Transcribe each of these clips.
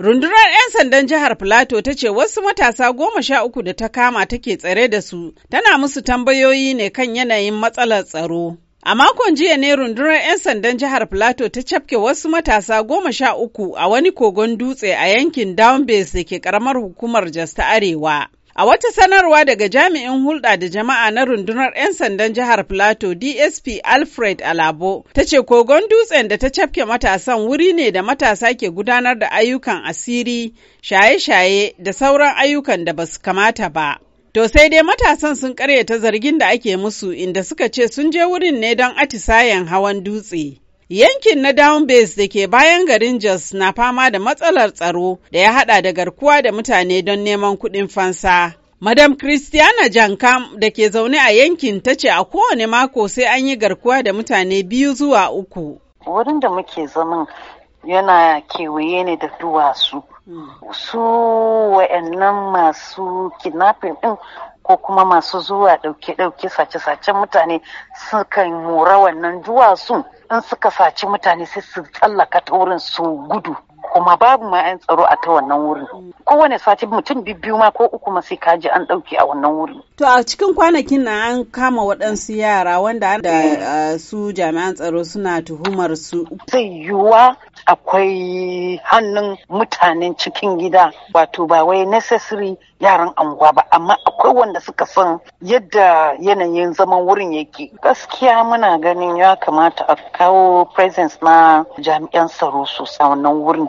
Rundunar 'yan sandan jihar Filato ta ce wasu matasa goma sha uku da ta kama take tsare da su tana musu tambayoyi ne kan yanayin matsalar tsaro. A makon jiya ne rundunar 'yan sandan jihar Filato ta cafke wasu matasa goma sha uku a wani kogon dutse a yankin Down Base da ke karamar hukumar Jas ta Arewa. A wata sanarwa daga jami'in hulɗa da jama'a na rundunar 'yan sandan jihar Plateau DSP Alfred Alabo ta ce kogon dutsen da ta cafke matasan wuri ne da matasa ke gudanar da ayyukan asiri, shaye-shaye da sauran ayyukan da ba su kamata ba. To sai dai matasan sun karyata zargin da ake musu inda suka ce sun je wurin ne don atisayen hawan dutse. Yankin na Down Base da ke bayan garin Jos na fama da matsalar tsaro da ya hada da garkuwa da mutane don neman kuɗin fansa. Madam Christiana Jankam da ke zaune a yankin ta ce a kowane mako sai an yi garkuwa da mutane biyu zuwa uku. Wurin da muke zama yana kewaye ne da duwatsu. Hmm. Su wa'annan masu kidnapping ɗin ko kuma masu zuwa ɗauke-ɗauke sace-sacen mutane sukan mora wannan duwatsu in suka saci mutane sai su tsallaka ta wurin su gudu kuma babu ma 'yan tsaro a ta wannan wurin kowane sati mutum biyu ma ko uku ma sai kaji an ɗauki a wannan wurin to a cikin kwanakin na an kama waɗansu yara wanda da su jami'an tsaro suna tuhumar su zai yiwuwa akwai hannun mutanen cikin gida wato ba wai necessary yaran anguwa ba amma akwai wanda suka san yadda yanayin zaman wurin yake gaskiya muna ganin ya kamata a kawo presence na jami'an tsaro sosai wannan wurin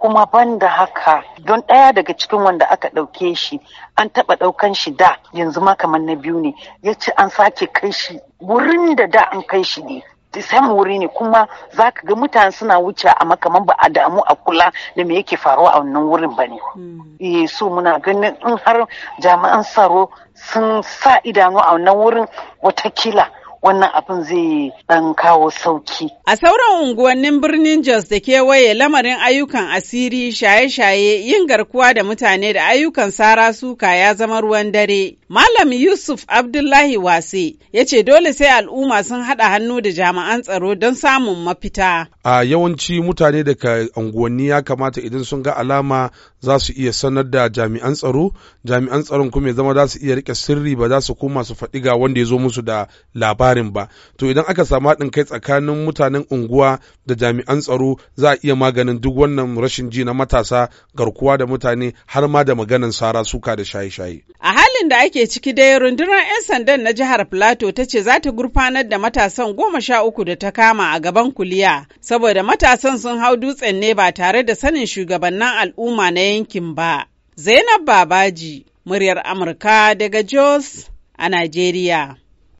kuma ban da haka don ɗaya daga cikin wanda aka ɗauke shi an taɓa ɗaukan shi da yanzu ma kamar na biyu ne ya ce an sake kai shi wurin da da an kai shi ne sam wuri ne kuma za ka ga mutane suna wuce a makaman ba a damu a kula da me yake faruwa a wannan wurin ba ne. Hmm. Eh, so muna ganin in har jami'an tsaro sun sa idanu a wannan wurin watakila wannan abin zai dan kawo sauki. A sauran unguwannin birnin Jos da kewaye lamarin ayyukan asiri shaye-shaye yin garkuwa da mutane da ayyukan sara suka ya zama ruwan dare. Malam Yusuf Abdullahi Wase ya ce dole sai al'umma sun haɗa hannu da jami'an tsaro don samun mafita. A yawanci mutane daga unguwanni ya kamata idan sun ga alama za su iya sanar da jami'an tsaro, jami'an tsaron kuma ya zama za su iya rike sirri ba za su koma su faɗi ga wanda ya zo musu da labari. labarin ba to idan aka samu haɗin kai tsakanin mutanen unguwa da jami'an tsaro za a iya maganin duk wannan rashin ji na matasa garkuwa da mutane har ma da maganan sara suka da shaye-shaye a halin da ake ciki dai rundunar 'yan sandan na jihar plateau ta ce za ta gurfanar da matasan goma sha uku da ta kama a gaban kuliya saboda matasan sun hau dutsen ne ba tare da sanin shugabannin al'umma na yankin ba zainab babaji muryar amurka daga jos a Najeriya.